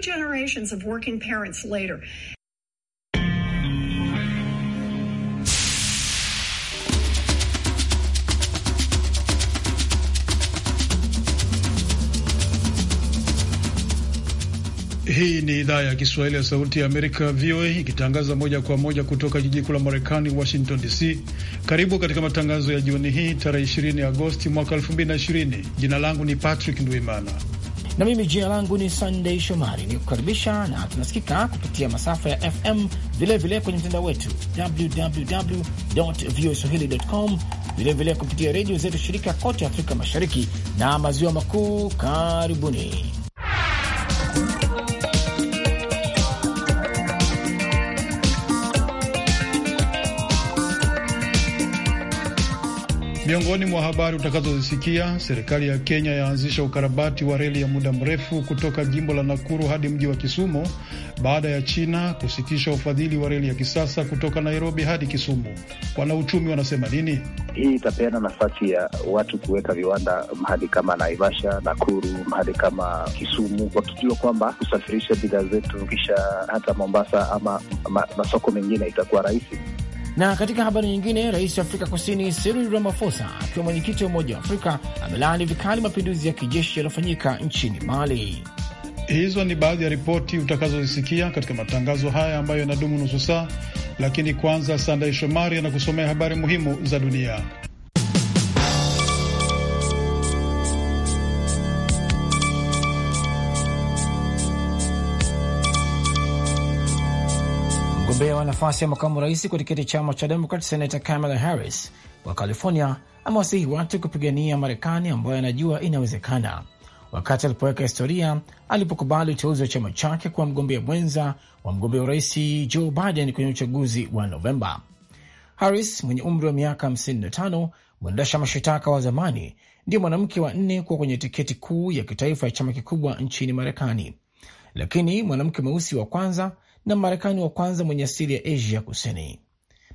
two generations of working parents later. Hii ni idhaa ya Kiswahili ya Sauti ya Amerika, VOA, ikitangaza moja kwa moja kutoka jiji kuu la Marekani, Washington DC. Karibu katika matangazo ya jioni hii, tarehe 20 Agosti mwaka 2020. Jina langu ni Patrick Ndwimana na mimi jina langu ni Sunday Shomari ni kukaribisha, na tunasikika kupitia masafa ya FM vilevile vile kwenye mtandao wetu www voa swahilicom, vilevile kupitia redio zetu shirika kote Afrika Mashariki na Maziwa Makuu. Karibuni. Miongoni mwa habari utakazozisikia, serikali ya Kenya yaanzisha ukarabati wa reli ya muda mrefu kutoka jimbo la Nakuru hadi mji wa Kisumu baada ya China kusitisha ufadhili wa reli ya kisasa kutoka Nairobi hadi Kisumu. Wanauchumi wanasema nini? Hii itapeana nafasi ya watu kuweka viwanda mahali kama Naivasha, Nakuru, mahali kama Kisumu, wakijua kwamba kusafirisha bidhaa zetu kisha hata Mombasa ama masoko mengine itakuwa rahisi. Na katika habari nyingine, rais wa Afrika Kusini Cyril Ramaphosa akiwa mwenyekiti wa Umoja wa Afrika amelaani vikali mapinduzi ya kijeshi yaliyofanyika nchini Mali. Hizo ni baadhi ya ripoti utakazozisikia katika matangazo haya ambayo yanadumu nusu saa, lakini kwanza, Sandey Shomari anakusomea habari muhimu za dunia. Mgombea wa nafasi ya makamu rais kwa tiketi chama cha Demokrat, Senata Kamala Harris wa California amewasihi watu kupigania Marekani ambayo anajua inawezekana, wakati alipoweka historia alipokubali uteuzi wa chama chake kuwa mgombea mwenza wa mgombea urais Joe Biden kwenye uchaguzi wa Novemba. Harris mwenye umri wa miaka 55, mwendesha mashitaka wa zamani, ndiyo mwanamke wa nne kuwa kwenye tiketi kuu ya kitaifa ya chama kikubwa nchini Marekani, lakini mwanamke mweusi wa kwanza na Mmarekani wa kwanza mwenye asili ya Asia Kusini.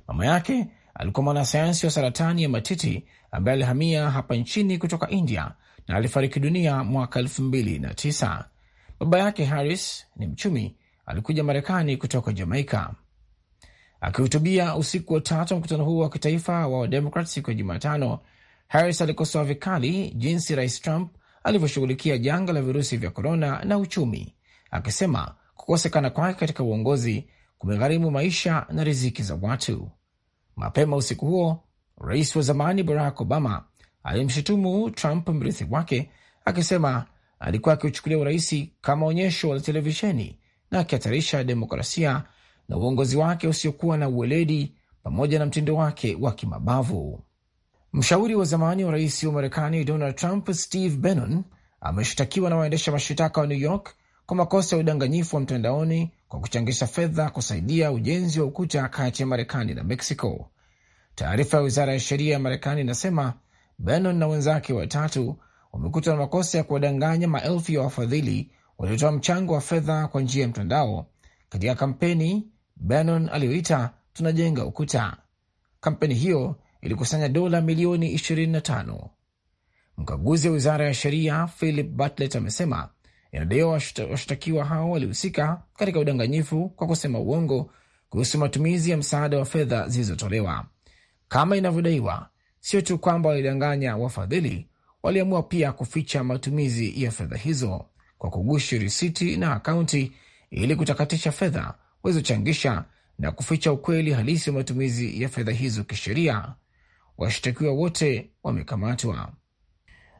Mama yake alikuwa mwanasayansi wa saratani ya matiti ambaye alihamia hapa nchini kutoka India na alifariki dunia mwaka elfu mbili na tisa. Baba yake Harris ni mchumi, alikuja Marekani kutoka Jamaika. Akihutubia usiku wa tatu wa mkutano huo wa kitaifa wa Wademokrat siku ya Jumatano, Harris alikosoa vikali jinsi Rais Trump alivyoshughulikia janga la virusi vya korona na uchumi, akisema kukosekana kwake katika uongozi kumegharimu maisha na riziki za watu. Mapema usiku huo, rais wa zamani Barack Obama alimshutumu Trump, mrithi wake, akisema alikuwa akiuchukulia uraisi kama onyesho la televisheni na akihatarisha demokrasia na uongozi wake usiokuwa na uweledi pamoja na mtindo wake wa kimabavu. Mshauri wa zamani wa rais wa Marekani Donald Trump, Steve Bannon, ameshtakiwa na waendesha mashitaka wa New York kwa makosa ya udanganyifu wa mtandaoni kwa kuchangisha fedha kusaidia ujenzi wa ukuta kati ya Marekani na Mexico. Taarifa ya wizara ya sheria ya Marekani inasema Bannon na wenzake watatu wamekutwa na makosa ya kuwadanganya maelfu ya wafadhili waliotoa mchango wa fedha kwa njia ya mtandao katika kampeni Bannon aliyoita tunajenga ukuta. Kampeni hiyo ilikusanya dola milioni 25. Mkaguzi wa wizara ya sheria Philip Bartlett amesema inadaiwa washtakiwa hao walihusika katika udanganyifu kwa kusema uongo kuhusu matumizi ya msaada wa fedha zilizotolewa. Kama inavyodaiwa, sio tu kwamba walidanganya wafadhili, waliamua pia kuficha matumizi ya fedha hizo kwa kugushi risiti na akaunti ili kutakatisha fedha walizochangisha na kuficha ukweli halisi wa matumizi ya fedha hizo kisheria. Washtakiwa wote wamekamatwa.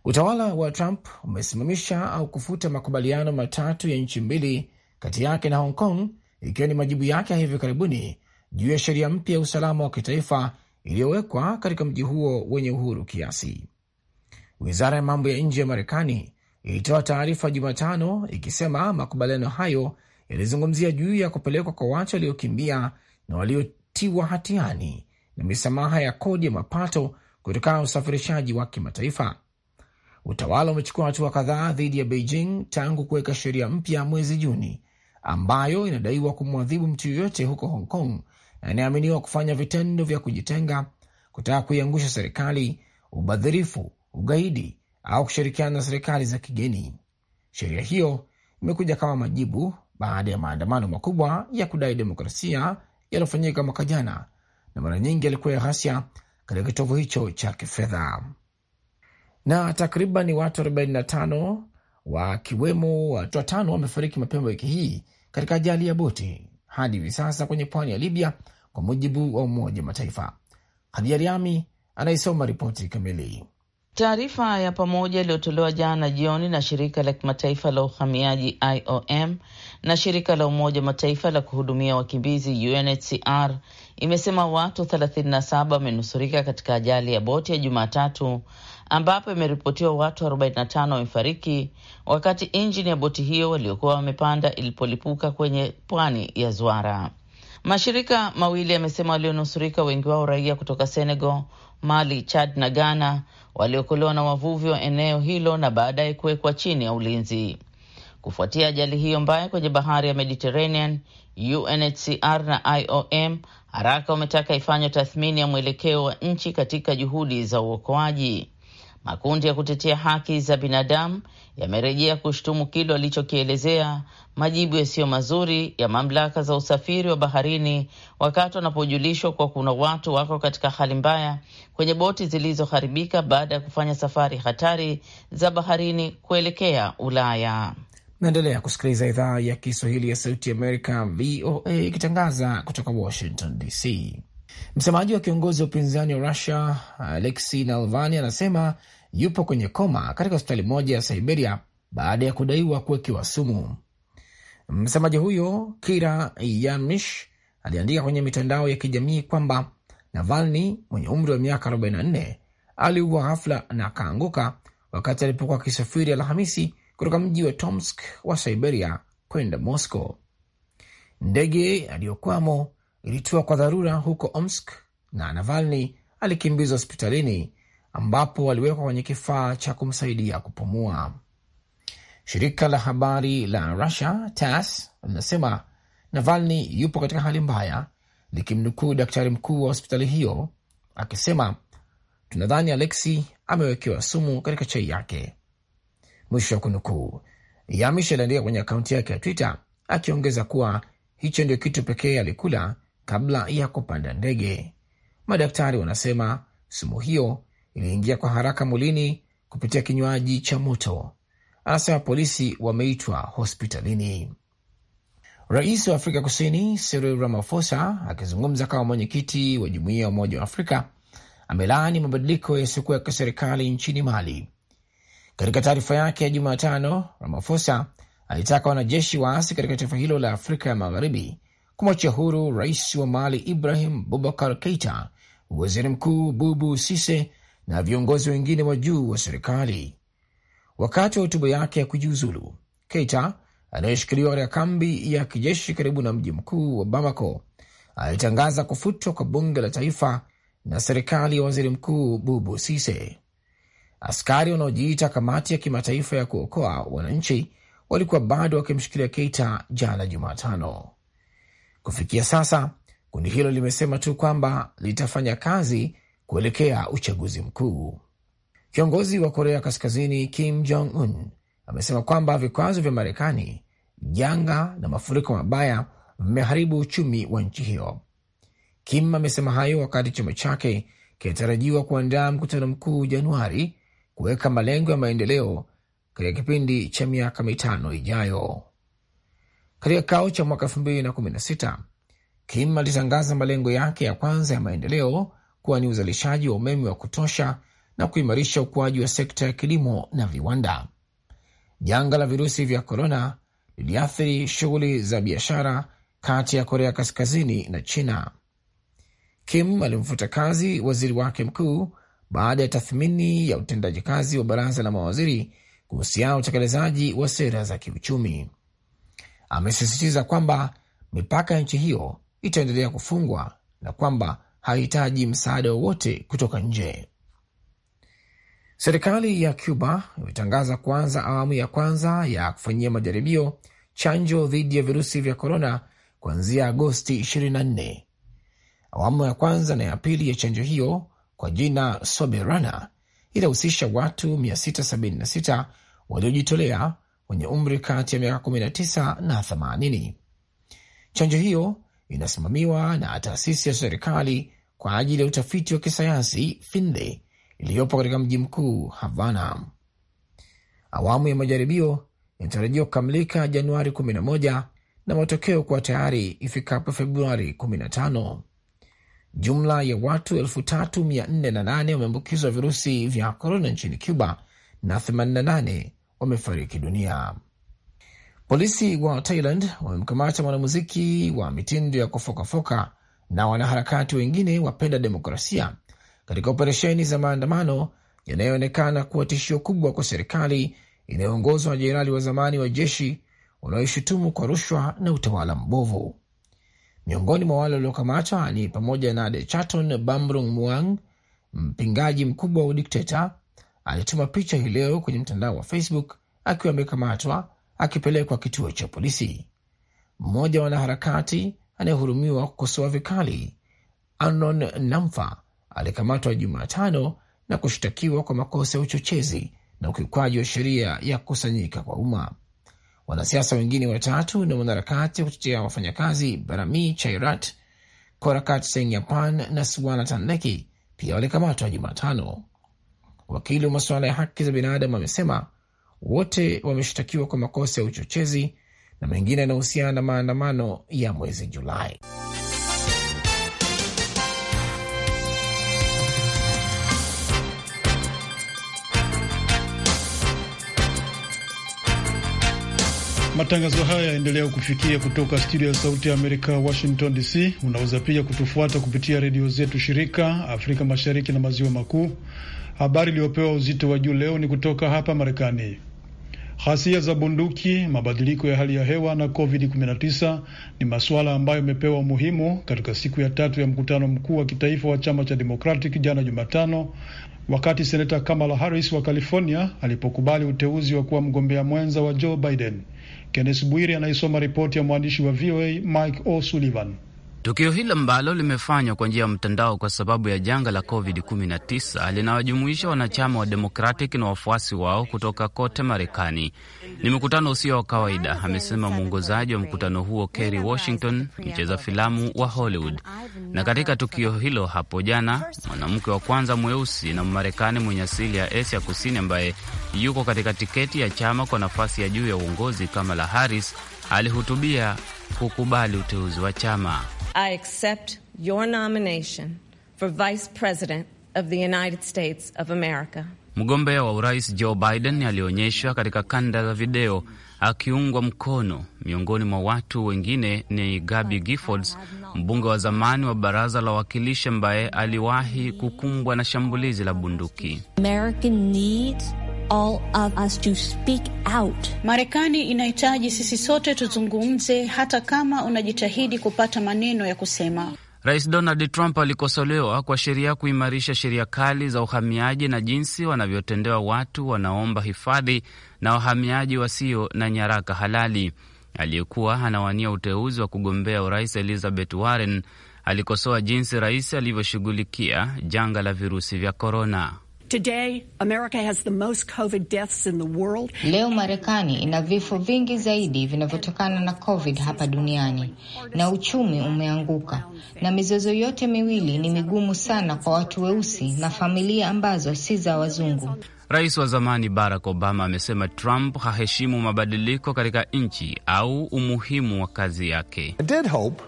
Utawala wa Trump umesimamisha au kufuta makubaliano matatu ya nchi mbili kati yake na Hong Kong, ikiwa ni majibu yake ya hivi karibuni juu ya sheria mpya ya usalama wa kitaifa iliyowekwa katika mji huo wenye uhuru kiasi. Wizara ya mambo ya nje ya Marekani ilitoa taarifa Jumatano ikisema makubaliano hayo yalizungumzia juu ya kupelekwa kwa watu waliokimbia na waliotiwa hatiani na misamaha ya kodi ya mapato kutokana na usafirishaji wa kimataifa. Utawala umechukua hatua kadhaa dhidi ya Beijing tangu kuweka sheria mpya mwezi Juni ambayo inadaiwa kumwadhibu mtu yoyote huko Hong Kong na inaaminiwa kufanya vitendo vya kujitenga, kutaka kuiangusha serikali, ubadhirifu, ugaidi au kushirikiana na serikali za kigeni. Sheria hiyo imekuja kama majibu baada ya maandamano makubwa ya kudai demokrasia yaliyofanyika mwaka jana na mara nyingi yalikuwa ya ghasia katika kitovu hicho cha kifedha na takriban watu 45 wakiwemo watu watano wamefariki mapema wiki hii katika ajali ya boti hadi hivi sasa kwenye pwani ya Libya, kwa mujibu wa Umoja wa Mataifa. hadiariami Riami anaisoma ripoti kamili. Taarifa ya pamoja iliyotolewa jana jioni na shirika la kimataifa la uhamiaji IOM na shirika la Umoja wa Mataifa la kuhudumia wakimbizi UNHCR imesema watu 37 wamenusurika katika ajali ya boti ya Jumatatu ambapo imeripotiwa watu 45 wamefariki wakati injini ya boti hiyo waliokuwa wamepanda ilipolipuka kwenye pwani ya Zwara. Mashirika mawili yamesema walionusurika, wengi wao raia kutoka Senegal, Mali, Chad na Ghana, waliokolewa na wavuvi wa eneo hilo na baadaye kuwekwa chini ya ulinzi. Kufuatia ajali hiyo mbaya kwenye bahari ya Mediterranean, UNHCR na IOM haraka wametaka ifanywe tathmini ya mwelekeo wa nchi katika juhudi za uokoaji. Makundi ya kutetea haki za binadamu yamerejea kushutumu kile walichokielezea majibu yasiyo mazuri ya mamlaka za usafiri wa baharini wakati wanapojulishwa kuwa kuna watu wako katika hali mbaya kwenye boti zilizoharibika baada ya kufanya safari hatari za baharini kuelekea Ulaya. Naendelea kusikiliza idhaa ya Kiswahili ya Sauti Amerika, VOA, ikitangaza kutoka Washington DC. Msemaji wa kiongozi wa upinzani wa Rusia Alexei Navalny anasema yupo kwenye koma katika hospitali moja ya Siberia baada ya kudaiwa kuwekewa sumu. Msemaji huyo Kira Yamish aliandika kwenye mitandao ya kijamii kwamba Navalny mwenye umri wa miaka 44 aliuwa ghafla na akaanguka wakati alipokuwa akisafiri Alhamisi kutoka mji wa Tomsk wa Siberia kwenda Moscow. Ndege aliyokwamo ilitua kwa dharura huko Omsk na Navalny alikimbizwa hospitalini ambapo aliwekwa kwenye kifaa cha kumsaidia kupumua. Shirika la habari la Russia TASS linasema Navalny yupo katika hali mbaya, likimnukuu daktari mkuu wa hospitali hiyo akisema, tunadhani Alexi amewekewa sumu katika chai yake mwisho wa kunukuu. Yamish aliandika kwenye akaunti yake ya Twitter akiongeza kuwa hicho ndio kitu pekee alikula kabla ya kupanda ndege. Madaktari wanasema sumu hiyo iliingia kwa haraka mwilini kupitia kinywaji cha moto. Anasema polisi wameitwa hospitalini. Rais wa Afrika Kusini Cyril Ramaphosa akizungumza kama mwenyekiti wa Jumuiya ya Umoja wa Afrika amelaani mabadiliko yasiyokuwa ya kiserikali nchini Mali katika taarifa yake ya Jumatano, ramafosa alitaka wanajeshi waasi katika taifa hilo la Afrika ya Magharibi kumwachia huru rais wa Mali Ibrahim Bubakar Keita, waziri mkuu Bubu Sise na viongozi wengine wa juu wa serikali. Wakati wa hotuba yake ya kujiuzulu, Keita anayeshikiliwa katika kambi ya kijeshi karibu na mji mkuu wa Bamako alitangaza kufutwa kwa bunge la taifa na serikali ya waziri mkuu Bubu Sise. Askari wanaojiita kamati ya kimataifa ya kuokoa wananchi walikuwa bado wakimshikilia Keita jana Jumatano. Kufikia sasa, kundi hilo limesema tu kwamba litafanya kazi kuelekea uchaguzi mkuu. Kiongozi wa Korea Kaskazini Kim Jong Un amesema kwamba vikwazo vya Marekani, janga na mafuriko mabaya vimeharibu uchumi wa nchi hiyo. Kim amesema hayo wakati chama chake kinatarajiwa kuandaa mkutano mkuu Januari kuweka malengo ya maendeleo katika kipindi cha miaka mitano ijayo. Katika kikao cha mwaka elfu mbili na kumi na sita Kim alitangaza malengo yake ya kwanza ya maendeleo kuwa ni uzalishaji wa umeme wa kutosha na kuimarisha ukuaji wa sekta ya kilimo na viwanda. Janga la virusi vya korona liliathiri shughuli za biashara kati ya Korea Kaskazini na China. Kim alimfuta kazi waziri wake mkuu baada ya tathmini ya utendaji kazi wa baraza la mawaziri kuhusiana na utekelezaji wa sera za kiuchumi. Amesisitiza kwamba mipaka ya nchi hiyo itaendelea kufungwa na kwamba hahitaji msaada wowote kutoka nje. Serikali ya Cuba imetangaza kuanza awamu ya kwanza ya kufanyia majaribio chanjo dhidi ya virusi vya korona kuanzia Agosti 24. Awamu ya kwanza na ya pili ya chanjo hiyo kwa jina Soberana inahusisha watu 676 waliojitolea wenye umri kati ya miaka 19 na 80. Chanjo hiyo inasimamiwa na taasisi ya serikali kwa ajili ya utafiti wa kisayansi finde iliyopo katika mji mkuu Havana. Awamu ya majaribio inatarajiwa kukamilika Januari 11 na matokeo kuwa tayari ifikapo Februari 15. Jumla ya watu 3408 wameambukizwa virusi vya korona nchini Cuba na 88 wamefariki dunia. Polisi wa Thailand wamemkamata mwanamuziki wa mitindo ya kufokafoka na wanaharakati wengine wapenda demokrasia katika operesheni za maandamano yanayoonekana kuwa tishio kubwa kwa serikali inayoongozwa na jenerali wa zamani wa jeshi unaoishutumu kwa rushwa na utawala mbovu. Miongoni mwa wale waliokamatwa ni pamoja na Dechaton Bamrung Muang, mpingaji mkubwa wa udikteta. Alituma picha hii leo kwenye mtandao wa Facebook akiwa amekamatwa akipelekwa kituo cha polisi. Mmoja wa wanaharakati anayehurumiwa kukosoa vikali Anon Namfa alikamatwa Jumatano na kushtakiwa kwa makosa ya uchochezi na ukiukwaji wa sheria ya kukusanyika kwa umma wanasiasa wengine watatu na mwanaharakati wa kutetea wafanyakazi Barami Chairat, Korakat senyapan na Swana Tanleki pia walikamatwa Jumatano. Wakili wa masuala ya haki za binadamu amesema wote wameshtakiwa kwa makosa ya uchochezi na mengine yanahusiana na maandamano ya mwezi Julai. Matangazo haya yaendelea kufikia kutoka studio ya Sauti ya Amerika, Washington DC. Unaweza pia kutufuata kupitia redio zetu shirika Afrika Mashariki na Maziwa Makuu. Habari iliyopewa uzito wa juu leo ni kutoka hapa Marekani. Ghasia za bunduki, mabadiliko ya hali ya hewa na COVID-19 ni masuala ambayo yamepewa umuhimu katika siku ya tatu ya mkutano mkuu wa kitaifa wa chama cha Democratic jana Jumatano, wakati seneta Kamala Harris wa California alipokubali uteuzi wa kuwa mgombea mwenza wa Joe Biden. Kennes bwiri anaisoma ripoti ya mwandishi wa VOA Mike O'Sullivan. Tukio hilo ambalo limefanywa kwa njia ya mtandao kwa sababu ya janga la COVID-19 linawajumuisha wanachama wa Democratic na wafuasi wao kutoka kote Marekani. Ni mkutano usio wa kawaida, amesema mwongozaji wa mkutano huo Kerry Washington, mcheza filamu wa Hollywood. Na katika tukio hilo hapo jana, mwanamke wa kwanza mweusi na Mmarekani mwenye asili ya Asia Kusini ambaye yuko katika tiketi ya chama kwa nafasi ya juu ya uongozi Kamala Harris alihutubia kukubali uteuzi wa chama. I accept your nomination for Vice President of the United States of America. Mgombea wa urais Joe Biden alionyeshwa katika kanda za video akiungwa mkono. Miongoni mwa watu wengine ni Gabby Giffords, mbunge wa zamani wa baraza la wawakilishi ambaye aliwahi kukumbwa na shambulizi la bunduki. American needs all of us to speak out. Marekani inahitaji sisi sote tuzungumze, hata kama unajitahidi kupata maneno ya kusema. Rais Donald Trump alikosolewa kwa sheria kuimarisha sheria kali za uhamiaji na jinsi wanavyotendewa watu wanaomba hifadhi na wahamiaji wasio na nyaraka halali. Aliyekuwa anawania uteuzi wa kugombea urais Elizabeth Warren alikosoa jinsi rais alivyoshughulikia janga la virusi vya korona. Today, America has the most COVID deaths in the world. Leo Marekani ina vifo vingi zaidi vinavyotokana na COVID hapa duniani na uchumi umeanguka. Na mizozo yote miwili ni migumu sana kwa watu weusi na familia ambazo si za wazungu. Rais wa zamani Barack Obama amesema Trump haheshimu mabadiliko katika nchi au umuhimu wa kazi yake. I did hope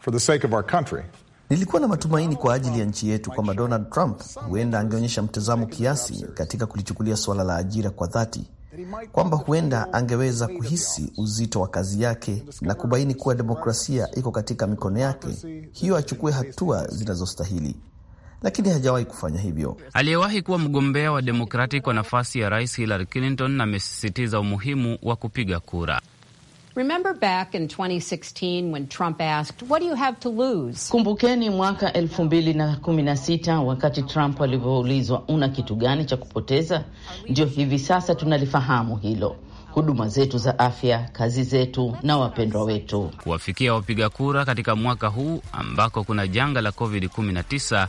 for the sake of our country. Nilikuwa na matumaini kwa ajili ya nchi yetu kwamba Donald Trump huenda angeonyesha mtazamo kiasi katika kulichukulia suala la ajira kwa dhati, kwamba huenda angeweza kuhisi uzito wa kazi yake na kubaini kuwa demokrasia iko katika mikono yake, hiyo achukue hatua zinazostahili lakini hajawahi kufanya hivyo. Aliyewahi kuwa mgombea wa Demokrati kwa nafasi ya rais Hillary Clinton amesisitiza umuhimu wa kupiga kura. Remember back in 2016 when Trump asked, What do you have to lose? Kumbukeni mwaka 2016 wakati Trump alivyoulizwa una kitu gani cha kupoteza? Ndio hivi sasa tunalifahamu hilo. Huduma zetu za afya, kazi zetu na wapendwa wetu. Kuwafikia wapiga kura katika mwaka huu ambako kuna janga la COVID-19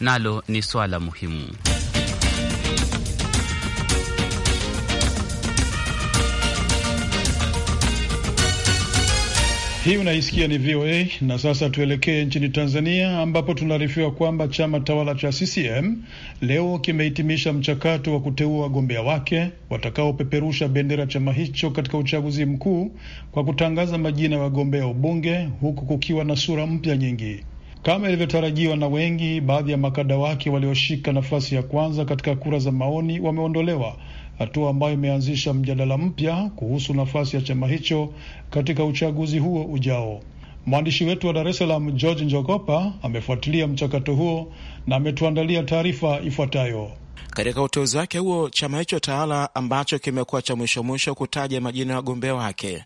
nalo ni swala muhimu. Hii unaisikia ni VOA na sasa tuelekee nchini Tanzania ambapo tunaarifiwa kwamba chama tawala cha CCM leo kimehitimisha mchakato wa kuteua wagombea wake watakaopeperusha bendera chama hicho katika uchaguzi mkuu kwa kutangaza majina ya wagombea ubunge huku kukiwa na sura mpya nyingi. Kama ilivyotarajiwa na wengi, baadhi ya makada wake walioshika nafasi ya kwanza katika kura za maoni wameondolewa hatua ambayo imeanzisha mjadala mpya kuhusu nafasi ya chama hicho katika uchaguzi huo ujao. Mwandishi wetu wa Dar es Salaam George Njogopa amefuatilia mchakato huo na ametuandalia taarifa ifuatayo. Katika uteuzi wake huo, chama hicho tawala ambacho kimekuwa cha mwisho mwisho kutaja majina ya wagombea wake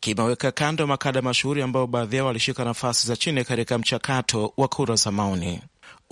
kimeweka kando makada mashuhuri ambao baadhi yao walishika nafasi za chini katika mchakato wa kura za maoni.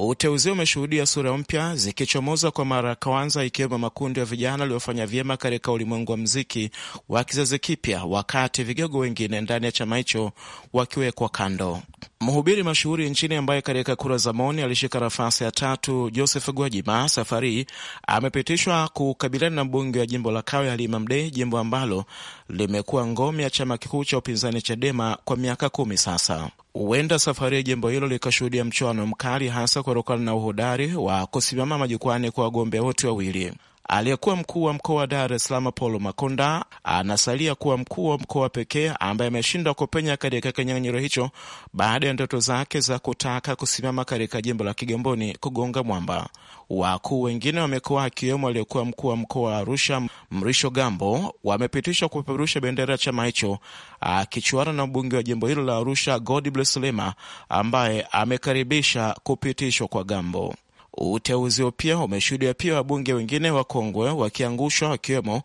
Uteuzi umeshuhudia sura mpya zikichomoza kwa mara ya kwanza, ikiwemo makundi ya vijana waliofanya vyema katika ulimwengu wa mziki wa kizazi kipya, wakati vigogo wengine ndani ya chama hicho wakiwekwa kando. Mhubiri mashuhuri nchini ambaye katika kura za maoni alishika nafasi ya tatu, Joseph Gwajima, safari amepitishwa kukabiliana na mbunge wa jimbo la Kawe Halima Mdee, jimbo ambalo limekuwa ngome ya chama kikuu cha upinzani Chadema kwa miaka kumi sasa. Huenda safari jimbo hilo likashuhudia mchuano mkali, hasa kutokana na uhodari wa kusimama majukwani kwa wagombea wote wawili. Aliyekuwa mkuu wa mkoa wa Dar es Salaam Paulo Makonda anasalia kuwa mkuu wa mkoa pekee ambaye ameshindwa kupenya katika kinyang'anyiro hicho baada ya ndoto zake za kutaka kusimama katika jimbo la Kigamboni kugonga mwamba. Wakuu wengine wa mikoa akiwemo aliyekuwa mkuu wa mkoa wa Arusha Mrisho Gambo wamepitishwa kupeperusha bendera ya chama hicho, akichuana na mbunge wa jimbo hilo la Arusha Godbless Lema ambaye amekaribisha kupitishwa kwa Gambo. Uteuzi huo pia umeshuhudia pia wabunge wengine wakongwe wakiangushwa wakiwemo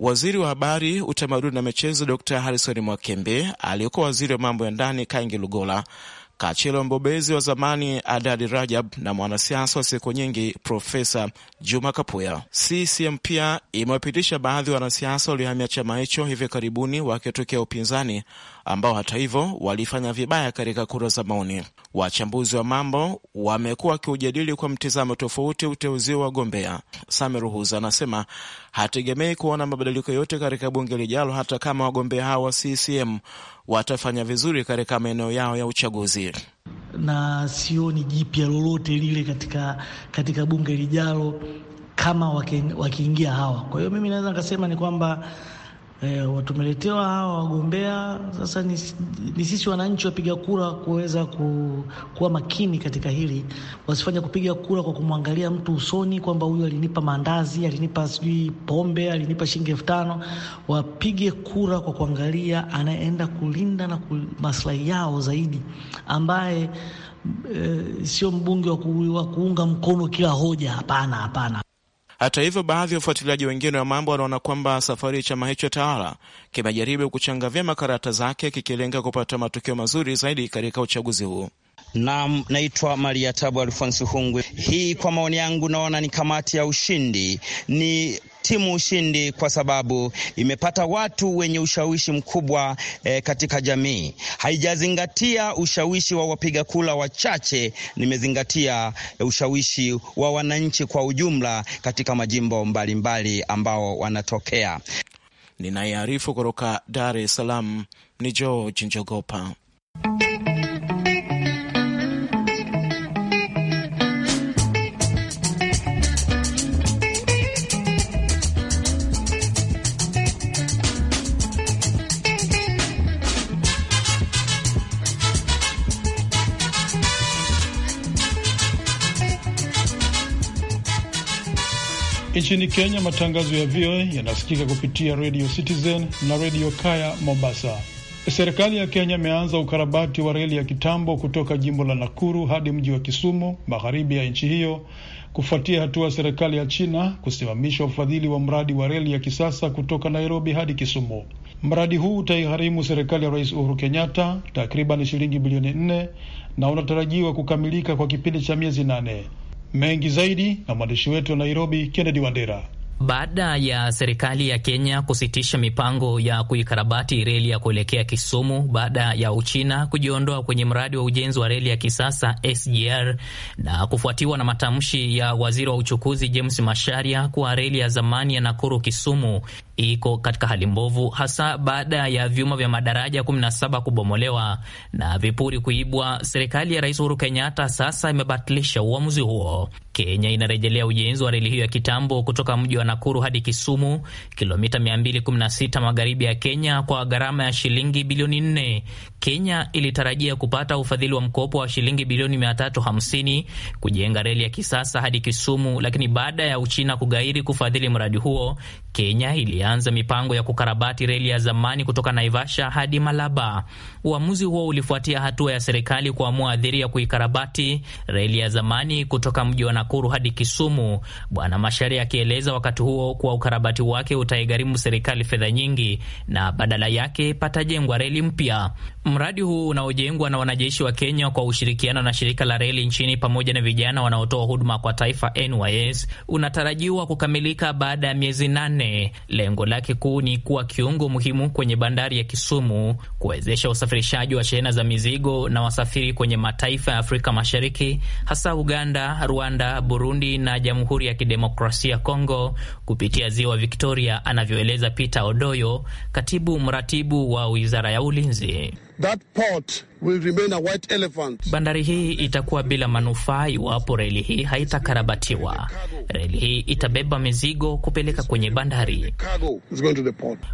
waziri wa habari, utamaduni na michezo Dr Harrison Mwakembe, aliyekuwa waziri wa mambo ya ndani Kangi Lugola, Kachelo mbobezi wa zamani Adadi Rajab na mwanasiasa wa siku nyingi Profesa Juma Kapuya. CCM pia imewapitisha baadhi ya wanasiasa waliohamia chama hicho hivi karibuni wakitokea upinzani ambao hata hivyo walifanya vibaya katika kura za maoni. Wachambuzi wa mambo wamekuwa wakiujadili kwa mtizamo tofauti uteuzi wa wagombea. Samir Huza anasema hategemei kuona mabadiliko yote katika bunge lijalo, hata kama wagombea hao wa CCM watafanya vizuri katika maeneo yao ya uchaguzi na sioni jipya lolote lile katika, katika bunge lijalo kama wakiingia hawa. Kwa hiyo mimi naweza nikasema ni kwamba E, eh, watumeletewa hawa wagombea sasa. Ni, ni sisi wananchi wapiga kura kuweza ku, kuwa makini katika hili, wasifanya kupiga kura kwa kumwangalia mtu usoni kwamba huyu alinipa mandazi alinipa sijui pombe, alinipa shilingi elfu tano. Wapige kura kwa kuangalia anayeenda kulinda na maslahi yao zaidi, ambaye e, sio mbunge wa kuunga mkono kila hoja. Hapana, hapana. Hata hivyo, baadhi ya wafuatiliaji wengine wa mambo wanaona kwamba safari ya chama hicho tawala kimejaribu kuchanga vyema karata zake kikilenga kupata matokeo mazuri zaidi katika uchaguzi huu. Naam, naitwa Maria Tabu Alfonsi Hungwe. Hii kwa maoni yangu, naona ni kamati ya ushindi, ni timu ushindi kwa sababu imepata watu wenye ushawishi mkubwa e, katika jamii. Haijazingatia ushawishi wa wapiga kula wachache, nimezingatia eh, ushawishi wa wananchi kwa ujumla katika majimbo mbalimbali mbali ambao wanatokea. Ninayearifu kutoka Dar es Salaam ni George Njogopa. Nchini Kenya, matangazo ya VOA yanasikika kupitia Radio Citizen na Radio Kaya Mombasa. Serikali ya Kenya imeanza ukarabati wa reli ya kitambo kutoka jimbo la Nakuru hadi mji wa Kisumu, magharibi ya nchi hiyo, kufuatia hatua ya serikali ya China kusimamisha ufadhili wa mradi wa reli ya kisasa kutoka Nairobi hadi Kisumu. Mradi huu utaigharimu serikali ya Rais Uhuru Kenyatta takriban shilingi bilioni nne na unatarajiwa kukamilika kwa kipindi cha miezi nane. Mengi zaidi na mwandishi wetu wa Nairobi, Kennedy Wandera. Baada ya serikali ya Kenya kusitisha mipango ya kuikarabati reli ya kuelekea Kisumu baada ya Uchina kujiondoa kwenye mradi wa ujenzi wa reli ya kisasa SGR na kufuatiwa na matamshi ya waziri wa uchukuzi James Masharia kuwa reli ya zamani ya Nakuru Kisumu iko katika hali mbovu, hasa baada ya vyuma vya madaraja 17 kubomolewa na vipuri kuibwa. Serikali ya Rais Uhuru Kenyatta sasa imebatilisha uamuzi huo. Kenya inarejelea ujenzi wa reli hiyo ya kitambo kutoka mji wa Nakuru hadi Kisumu, kilomita 216 magharibi ya Kenya, kwa gharama ya shilingi bilioni 4. Kenya ilitarajia kupata ufadhili wa mkopo wa shilingi bilioni 350 kujenga reli ya kisasa hadi Kisumu, lakini baada ya Uchina kugairi kufadhili mradi huo, Kenya ilianza mipango ya kukarabati reli ya zamani kutoka Naivasha hadi Malaba. Uamuzi huo ulifuatia hatua ya serikali kuamua adhiri ya kuikarabati reli ya zamani kutoka mji wa Nakuru hadi Kisumu, Bwana Mashari akieleza wakati huo kuwa ukarabati wake utaigharimu serikali fedha nyingi na badala yake patajengwa reli mpya. Mradi huu unaojengwa na wanajeshi wa Kenya kwa ushirikiano na shirika la reli nchini pamoja na vijana wanaotoa huduma kwa taifa NYS unatarajiwa kukamilika baada ya miezi nane. Lengo lake kuu ni kuwa kiungo muhimu kwenye bandari ya Kisumu, kuwezesha usafirishaji wa shehena za mizigo na wasafiri kwenye mataifa ya Afrika Mashariki, hasa Uganda, Rwanda, Burundi na Jamhuri ya Kidemokrasia Kongo kupitia ziwa Victoria, anavyoeleza Peter Odoyo, katibu mratibu wa wizara ya ulinzi. that port will remain a white elephant. Bandari hii itakuwa bila manufaa iwapo reli hii haitakarabatiwa. Reli hii itabeba mizigo kupeleka kwenye bandari.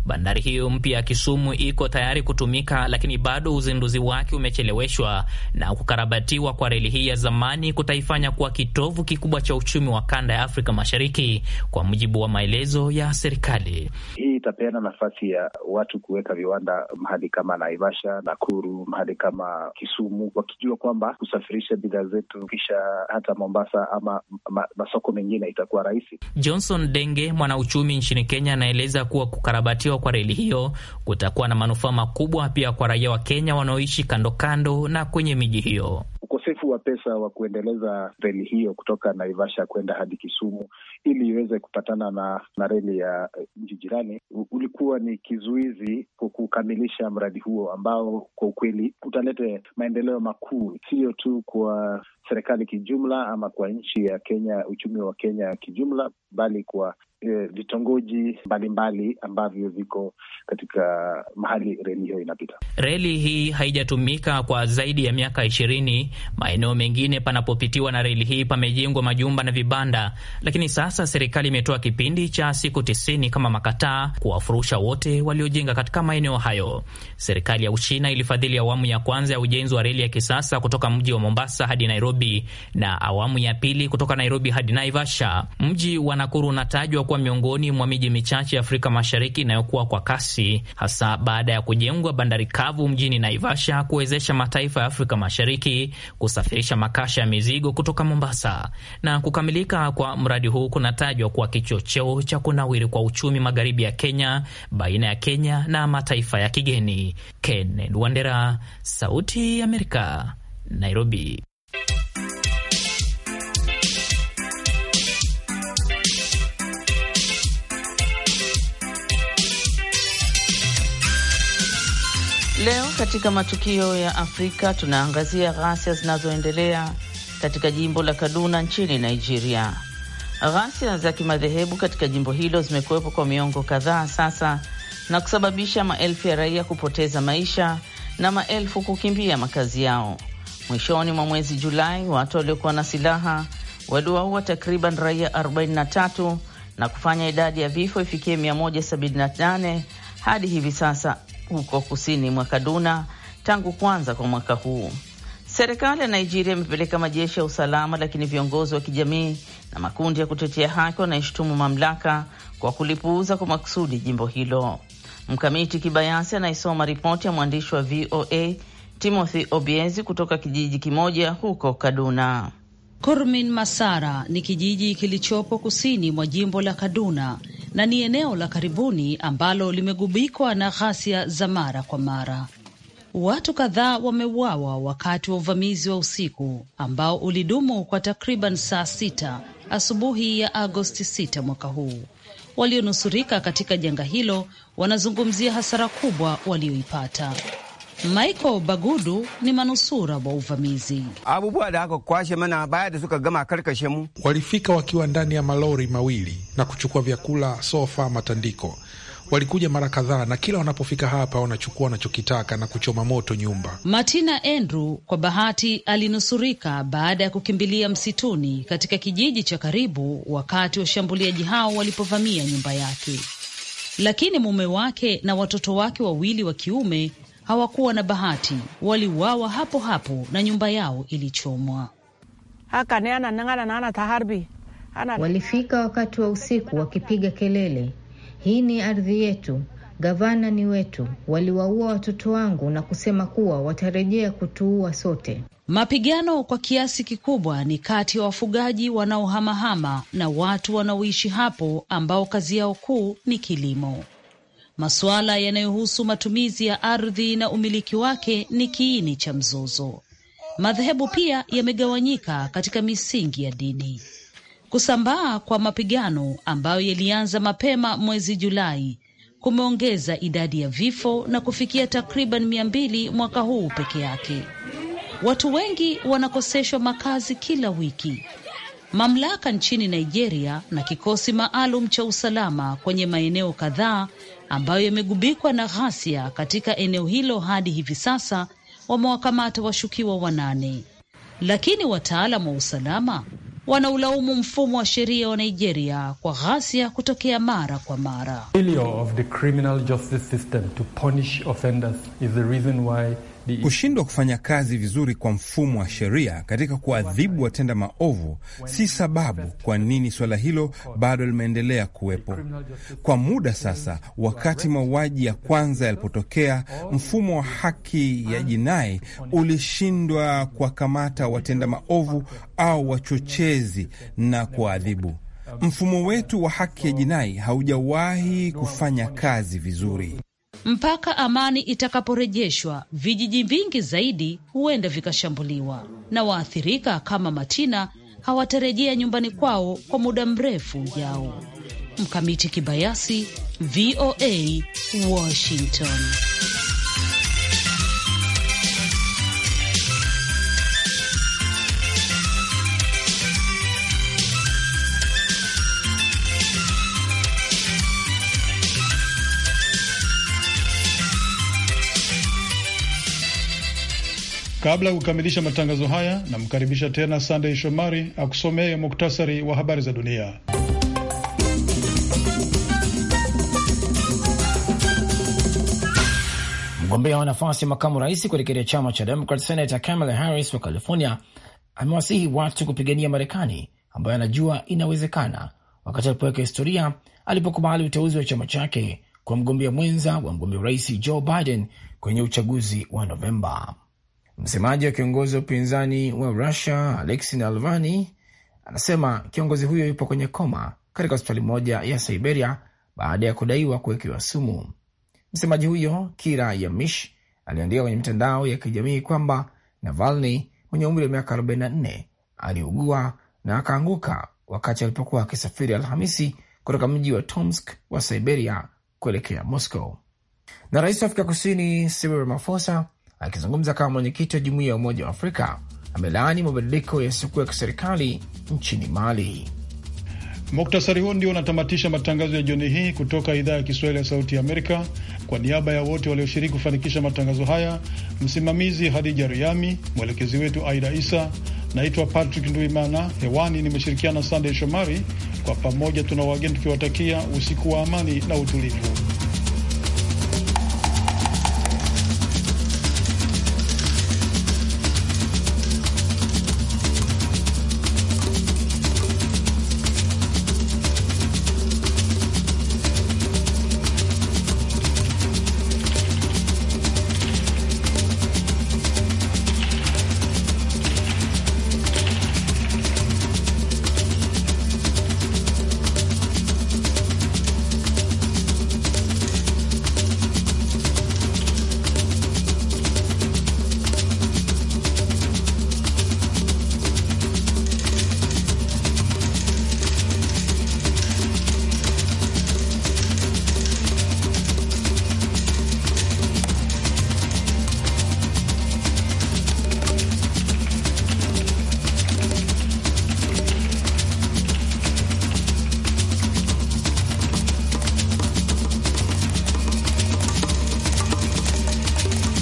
Bandari hiyo mpya ya Kisumu iko tayari kutumika, lakini bado uzinduzi wake umecheleweshwa na kukarabatiwa kwa reli hii ya zamani kutaifanya kuwa kitovu kikubwa cha uchumi wa kanda ya Afrika Mashariki, kwa mujibu wa maelezo ya serikali. Hii itapeana nafasi ya watu kuweka viwanda mahali kama Naivasha, Nakuru, mahali kama kama Kisumu, wakijua kwamba kusafirisha bidhaa zetu kisha hata Mombasa ama masoko mengine itakuwa rahisi. Johnson Denge, mwanauchumi nchini Kenya, anaeleza kuwa kukarabatiwa kwa reli hiyo kutakuwa na manufaa makubwa pia kwa raia wa Kenya wanaoishi kando kando na kwenye miji hiyo. Ukosefu wa pesa wa kuendeleza reli hiyo kutoka Naivasha kwenda hadi Kisumu ili iweze kupatana na, na reli ya eh, nchi jirani ulikuwa ni kizuizi kwa kukamilisha mradi huo ambao kwa ukweli uta alete maendeleo makuu, siyo tu kwa serikali kijumla ama kwa nchi ya Kenya, uchumi wa Kenya kijumla, bali kwa Eh, vitongoji mbalimbali ambavyo viko katika mahali reli hiyo inapita. Reli hii haijatumika kwa zaidi ya miaka ishirini. Maeneo mengine panapopitiwa na reli hii pamejengwa majumba na vibanda, lakini sasa serikali imetoa kipindi cha siku tisini kama makataa kuwafurusha wote waliojenga katika maeneo hayo. Serikali ya Uchina ilifadhili awamu ya kwanza ya ujenzi wa reli ya kisasa kutoka mji wa Mombasa hadi Nairobi na awamu ya pili kutoka Nairobi hadi Naivasha. Mji wa Nakuru unatajwa imekuwa miongoni mwa miji michache ya Afrika Mashariki inayokuwa kwa kasi, hasa baada ya kujengwa bandari kavu mjini Naivasha kuwezesha mataifa ya Afrika Mashariki kusafirisha makasha ya mizigo kutoka Mombasa. Na kukamilika kwa mradi huu kunatajwa kuwa kichocheo cha kunawiri kwa uchumi magharibi ya Kenya, baina ya Kenya na mataifa ya kigeni. Kenneth Wandera, Sauti ya Amerika, Nairobi. Leo katika matukio ya Afrika tunaangazia ghasia zinazoendelea katika jimbo la Kaduna nchini Nigeria. Ghasia za kimadhehebu katika jimbo hilo zimekuwepo kwa miongo kadhaa sasa na kusababisha maelfu ya raia kupoteza maisha na maelfu kukimbia makazi yao. Mwishoni mwa mwezi Julai, watu waliokuwa na silaha waliwaua takriban raia 43 na kufanya idadi ya vifo ifikie 178 hadi hivi sasa huko kusini mwa Kaduna tangu kwanza kwa mwaka huu. Serikali ya Nigeria imepeleka majeshi ya usalama, lakini viongozi wa kijamii na makundi ya kutetea haki wanaishutumu mamlaka kwa kulipuuza kwa makusudi jimbo hilo. Mkamiti Kibayasi anaisoma ripoti ya mwandishi wa VOA Timothy Obiezi kutoka kijiji kimoja huko Kaduna. Kurmin Masara ni kijiji kilichopo kusini mwa jimbo la Kaduna na ni eneo la karibuni ambalo limegubikwa na ghasia za mara kwa mara. Watu kadhaa wameuawa wakati wa uvamizi wa usiku ambao ulidumu kwa takriban saa sita asubuhi ya Agosti 6 mwaka huu. Walionusurika katika janga hilo wanazungumzia hasara kubwa walioipata. Michael Bagudu ni manusura wa uvamizi. Abubuwa da haka kwashe mana baada suka gama karkashe mu. Walifika wakiwa ndani ya malori mawili na kuchukua vyakula, sofa, matandiko. Walikuja mara kadhaa na kila wanapofika hapa wanachukua wanachokitaka na kuchoma moto nyumba. Martina Andrew kwa bahati alinusurika baada ya kukimbilia msituni katika kijiji cha karibu wakati washambuliaji hao walipovamia nyumba yake, lakini mume wake na watoto wake wawili wa kiume hawakuwa na bahati, waliuawa hapo hapo na nyumba yao ilichomwa. Walifika wakati wa usiku wakipiga kelele, hii ni ardhi yetu, gavana ni wetu. Waliwaua watoto wangu na kusema kuwa watarejea kutuua sote. Mapigano kwa kiasi kikubwa ni kati ya wafugaji wanaohamahama na watu wanaoishi hapo ambao kazi yao kuu ni kilimo. Masuala yanayohusu matumizi ya ardhi na umiliki wake ni kiini cha mzozo. Madhehebu pia yamegawanyika katika misingi ya dini. Kusambaa kwa mapigano ambayo yalianza mapema mwezi Julai kumeongeza idadi ya vifo na kufikia takriban mia mbili mwaka huu peke yake. Watu wengi wanakoseshwa makazi kila wiki. Mamlaka nchini Nigeria na kikosi maalum cha usalama kwenye maeneo kadhaa ambayo yamegubikwa na ghasia katika eneo hilo hadi hivi sasa wamewakamata washukiwa wanane, lakini wataalam wa usalama wanaulaumu mfumo wa sheria wa Nigeria kwa ghasia kutokea mara kwa mara. Kushindwa kufanya kazi vizuri kwa mfumo wa sheria katika kuadhibu watenda maovu si sababu kwa nini suala hilo bado limeendelea kuwepo kwa muda sasa. Wakati mauaji ya kwanza yalipotokea, mfumo wa haki ya jinai ulishindwa kuwakamata watenda maovu au wachochezi na kuwaadhibu. Mfumo wetu wa haki ya jinai haujawahi kufanya kazi vizuri. Mpaka amani itakaporejeshwa, vijiji vingi zaidi huenda vikashambuliwa na waathirika kama Matina hawatarejea nyumbani kwao kwa muda mrefu ujao. Mkamiti Kibayasi, VOA, Washington. Kabla ya kukamilisha matangazo haya, namkaribisha tena Sandey Shomari akusomee muktasari wa habari za dunia. Mgombea wa nafasi ya makamu rais kuelekea chama cha Demokrat, senata Kamala Harris wa California amewasihi watu kupigania Marekani ambayo anajua inawezekana, wakati alipoweka historia alipokubali uteuzi wa chama chake kwa mgombea mwenza wa mgombea urais Joe Biden kwenye uchaguzi wa Novemba. Msemaji wa kiongozi wa upinzani wa Rusia aleksey Navalny anasema kiongozi huyo yupo kwenye koma katika hospitali moja ya Siberia baada ya kudaiwa kuwekewa sumu. Msemaji huyo Kira Yamish aliandika kwenye mitandao ya kijamii kwamba Navalny mwenye umri wa miaka 44 aliugua na akaanguka wakati alipokuwa akisafiri Alhamisi kutoka mji wa Tomsk wa Siberia kuelekea Moscow. Na rais wa Afrika Kusini Cyril Ramaphosa akizungumza kama mwenyekiti wa jumuiya ya Umoja wa Afrika amelaani mabadiliko yasiyokuwa ya kiserikali nchini Mali. Muktasari huo ndio unatamatisha matangazo ya jioni hii kutoka idhaa ya Kiswahili ya Sauti ya Amerika. Kwa niaba ya wote walioshiriki kufanikisha matangazo haya, msimamizi Hadija Riami, mwelekezi wetu Aida Isa. Naitwa Patrick Nduimana, hewani nimeshirikiana na Sandey Shomari. Kwa pamoja, tuna wageni tukiwatakia usiku wa amani na utulivu.